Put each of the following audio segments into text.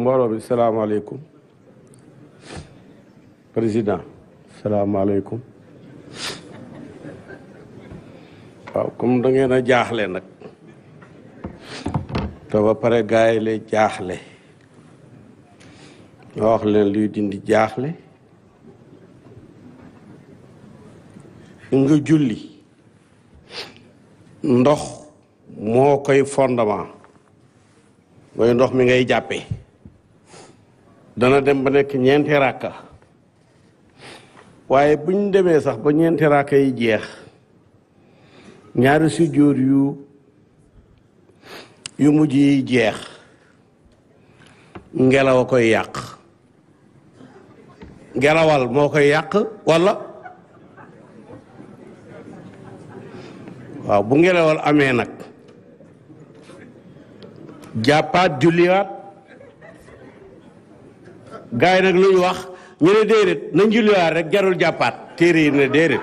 mbooloo bi salaamaaleykum président salaamaaleykum waaw comme da ngeen a jaaxle nag te ba pare gars yi jaaxle nga wax leen luy dindi jaaxle nga julli ndox moo koy fondement mooy ndox mi ngay jàppe dana dem ba nekk ñeenti ràkka waaye bu ñu demee sax ba ñeenti ràkka yi jeex ñaari sujjóot yu yu mujj yi jeex ngelaw koy yàq ngelawal moo koy yàq walla waaw bu ngelawal amee nag jàppaat julliwaat gay yi nag lu wax ñu ne déedéet nañ rek jarul jàppaat téere yi ne déedéet.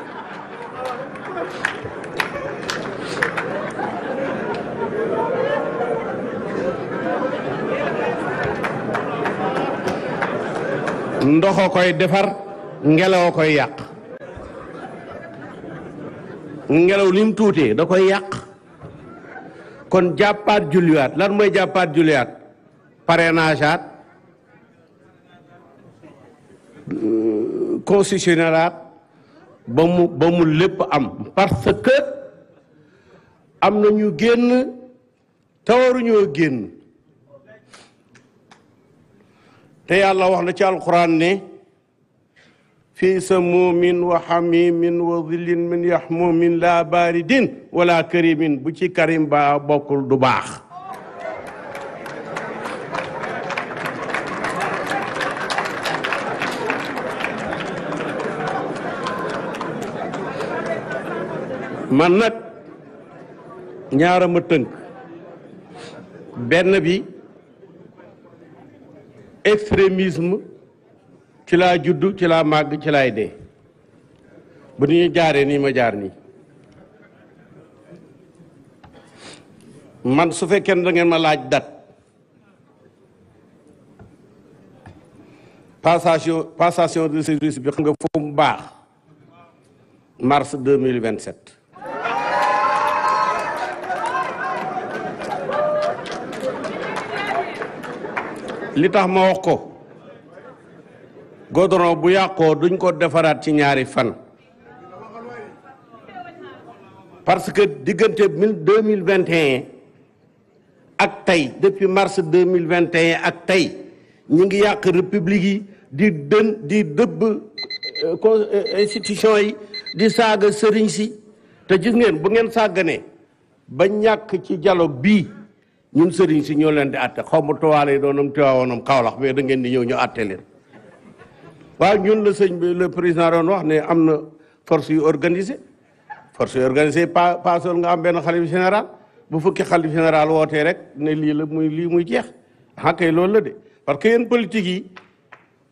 ndox a koy defar ngelaw a koy yàq ngelaw li tuute da koy yàq kon jàppaat julliwaat lan mooy jàppaat julliwaat parrainage constitutionnelaat ba mu ba mu lépp am parce que am na ñu génn tawaruñoo génn te yàlla wax na ci alquran ne fi samuumin wa xamimin wa zillin min yaxmumin laa baaridin wala karimin bu ci karim ba bokkul du baax man nag ñaara ma tënk benn bi extrémisme ci laa judd ci laa màgg ci laay dee bu ni ñu jaaree nii ma jaar nii man su fekkee ne da ngeen ma laaj dat passation passation de service bi xam nga foofu mu baax mars deux mille vingt sept li tax ma wax ko goudron bu yàqoo duñ ko defaraat ci ñaari fan parce que diggante mille deux mille vingt et ak tey depuis mars deux mille vingt et ak tey ñu ngi yàq république yi di dën di dëbb euh, euh, institution yi di saaga sëriñ si te gis ngeen bu ngeen sàgganee ba ñàkk ci dialogue bii ñun sëriñ si ñoo leen di atte xaw ma tuwaale yi doonam tiwaawoonam xawlax mais da ngeen di ñëw ñu atte leen waaw ñun la sëñ bi le président doon wax ne am na force yu organisé force yu organisé pas pasol nga am benn xalif général bu fukki xalif général wootee rek ne lii la muy lii muy jeex ah lool loolu la de parce que yéen politique yi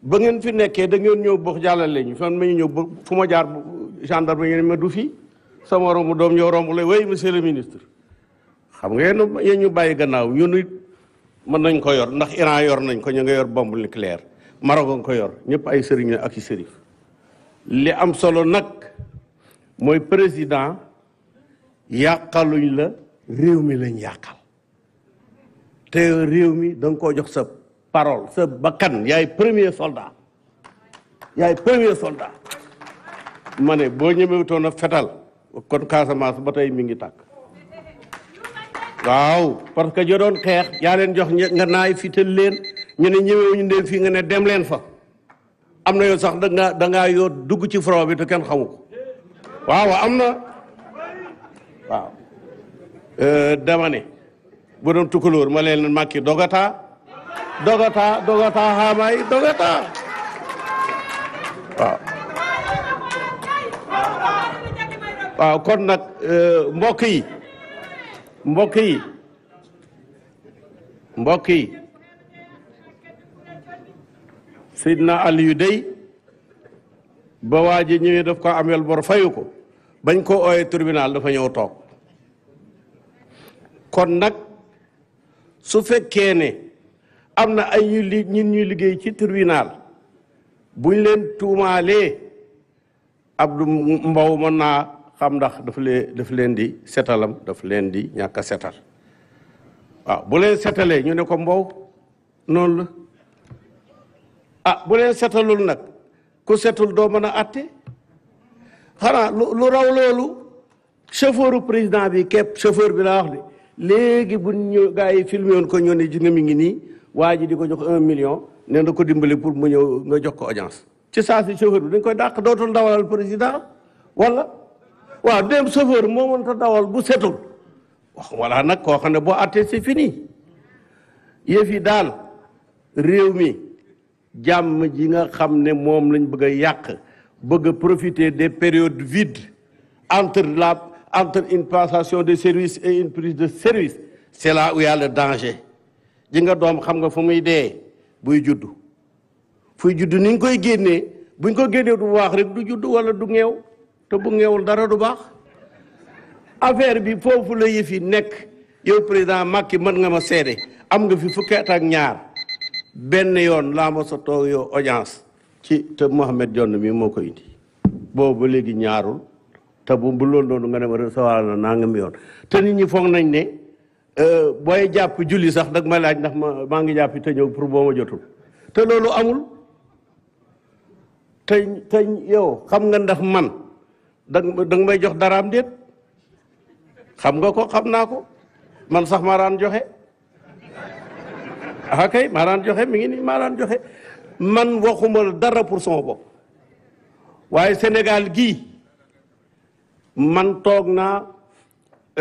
ba ngeen fi nekkee da ngeen ñëw box jàllale ñu fan ma ñu ñëw ba fu ma jaar gendarme ngeen ma du fii sama romb doom ñoo romb la way monsieur le ministre xam nga yéen ñu bàyyi gannaaw ñun it mën nañ ko yor ndax Iran yor nañ ko ñu ngi yor bombe nucléaire Maroc nga ko yor ñëpp ay sëriñ ak i sërif li am solo nag mooy président yàqaluñ la réew mi lañ yàqal te réew mi danga nga koo jox sa parole sa bakkan yaay premier soldat yaay premier soldat ma ne boo ñemewutoon a fetal kon Casamance ba tey mi ngi tàkk waaw parce que jo doon xeex yaa leen jox nga naay fital leen ñu ne ñëwewuñu leen fii nga ne dem leen fa am na yow sax danga dangaa yoo dugg ci front bi te kenn xamu ko waaw am na waaw euh, dama ne doon tukulóor ma leen màkki dogata dogata dogata xaamaay dogata waaw kon nag euh, mbokk yi mbokk yi mbokk yi Seydina Aliyu dey ba waa ji ñëwee daf ko ameel bor fayu ko bañ ko ooyee tribunal dafa ñëw toog kon nag su fekkee ne am na ay ñu li ñuy liggéey ci tribunal buñ leen tuumaalee Abdou Mbow mën naa xam ndax dafa leen daf leen di setalam daf leen di ñàkk a setal waaw bu leen setalee ñu ne ko mbow noonu la ah bu leen setalul nag ku setul doo mën a atte xanaa lu raw loolu chauffeuru président bi képp chauffeur bi laa wax de léegi bu ñu gars yi filmé woon ko ñoo ne jinga mi ngi nii waa ji di ko jox un million nee na ko dimbali pour mu ñëw nga jox ko audience ci saa chauffeur bi dañ koy dàq dootul ndawalal président wala waaw dem chauffeur moo mënta dawal bu setul wax walla nag koo xam ne boo àttee c'est fini yëf yi daal réew mi jàmm ji nga xam ne moom lañ bëgg a yàq bëgg a profiter des périodes vides entre la entre une passation de service et une prise de service c'est la où y a danger ji nga doom xam nga fu muy dee buy juddu fuy juddu ni nga koy génnee buñ ko génnee du waax rek du juddu wala du ngeew te bu ngeewul dara du baax affaire bi foofu la yëf yi nekk yow président Macky mën nga ma seede am nga fi fukki at ak ñaar benn yoon laa ma sa toog yow audience ci te Mohamed Dionne mi moo ko indi boobu ba léegi ñaarul te bu bu loolu noonu nga ne ma recevoir na naa nga mi yoon te nit ñi foog nañ ne euh, booy jàpp julli sax dag ma laaj ndax ma maa ngi jàpp te ñëw pour boo ma jotul te loolu amul te te yow xam nga ndax man danga danga may jox daraam déet xam nga ko xam naa ko man sax maa daan joxe ah kay maa joxe mi ngi nii maa daan joxe man waxuma dara pour sama bo waaye Sénégal gii man toog naa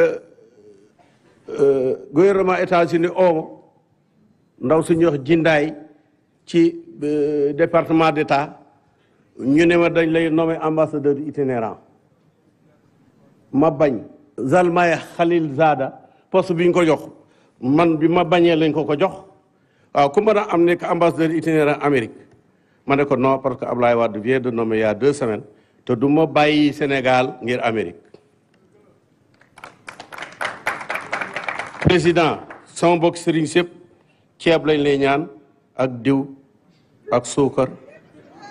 euh, euh, gouvernement États-Unis ooma ndaw suñuy wax jindaay ci euh, département d'État ñu ne ma dañ lay nommé ambassadeur itinérant ma bañ Zalmay Khalil Zada poste bi ñu ko jox man bi ma bañee lañ ko ko jox waaw ku mën a am nekk ambassadeur itinéraire Amérique ma ne ko non parce que Ablaye Wade vient de nommer il y a deux semaines te du ma bàyyi Sénégal ngir Amérique président sama mbokk sëriñ sëpp ceeb lañ lay ñaan ak diw ak suukar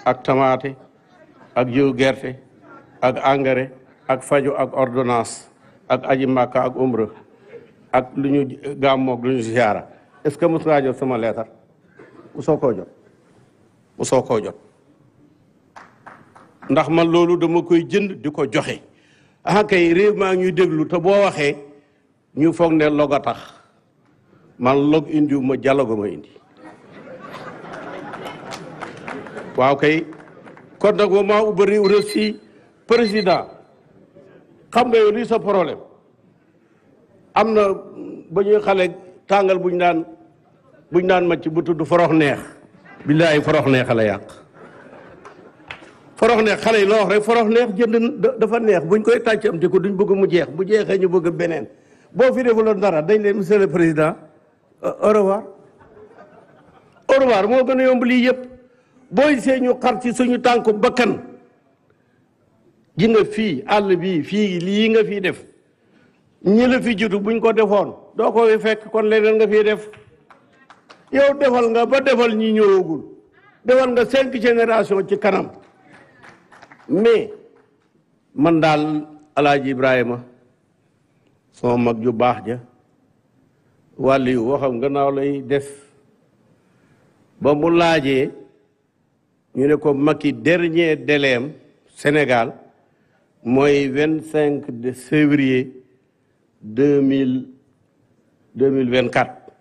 ak tamaate ak jiw gerte ak engrais ak fajo ak ordonnance ak aji màkka ak umra ak lu ñu gàmmoog lu ñu ziyaara est-ce que mos ngaa jot sama leetar mu soo koo jot mu soo koo jot ndax man loolu dama koy jënd di ko joxe ah kay réew maa ñuy déglu te boo waxee ñu foog ne log tax man log indiwu ma dialogue ma indi waaw kay kon nag wa maa ubari président xam nga yow lii sa problème am na ba ñuy xale tàngal bu ñu daan buñ daan macc bu tudd forox neex billaahi forox neex la yàq forox neex xale yi la wax rek forox neex jënd dafa neex buñ koy tàcc am te ko duñ bëgg mu jeex bu jeexee ñu bëgg beneen boo fi defaloon dara dañ leen monsieur le président euh, au revoir au moo gën a yomb lii yëpp booy see ñu xar ci suñu tànku bakkan gi fii àll bii fii lii nga fii def ñi la fi jiitu buñ ko defoon doo koy fekk kon leneen nga fii def yow defal nga ba defal ñi ñëwagul defal nga cinq génération ci kanam mais man daal alaaj Ibrahima sama mag ju baax ja wàll yu waxam naaw lay def ba mu laajee ñu ne ko Macky dernier délai am Sénégal mooy vingt cinq de février deux mille deux mille vingt quatre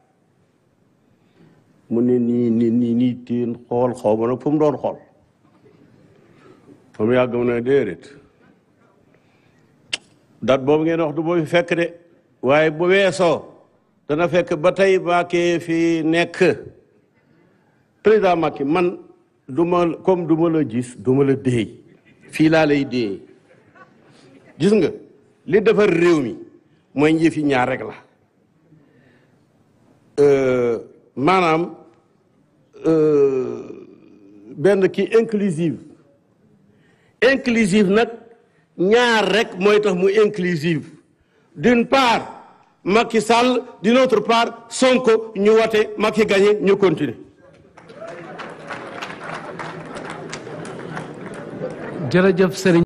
mu ne nii nii nii nii teen xool xaw nag fu doon xool fa mu yàgg mu ne déedéet date boobu ngeen wax du boobu fekk de waaye bu weesoo dana fekk ba tey Mbacké fi nekk président Macky man du ma comme du ma la gis du ma la déey fii laa lay déey gis nga li defar réew mi mooy njëf yi ñaar rek la euh, maanaam euh, benn kii inclusive inclusive nag ñaar rek mooy tax mu inclusive d'une part Macky Sall d'une autre part Sonko ñu wate Macky gagné ñu continuer jërëjëf Serigne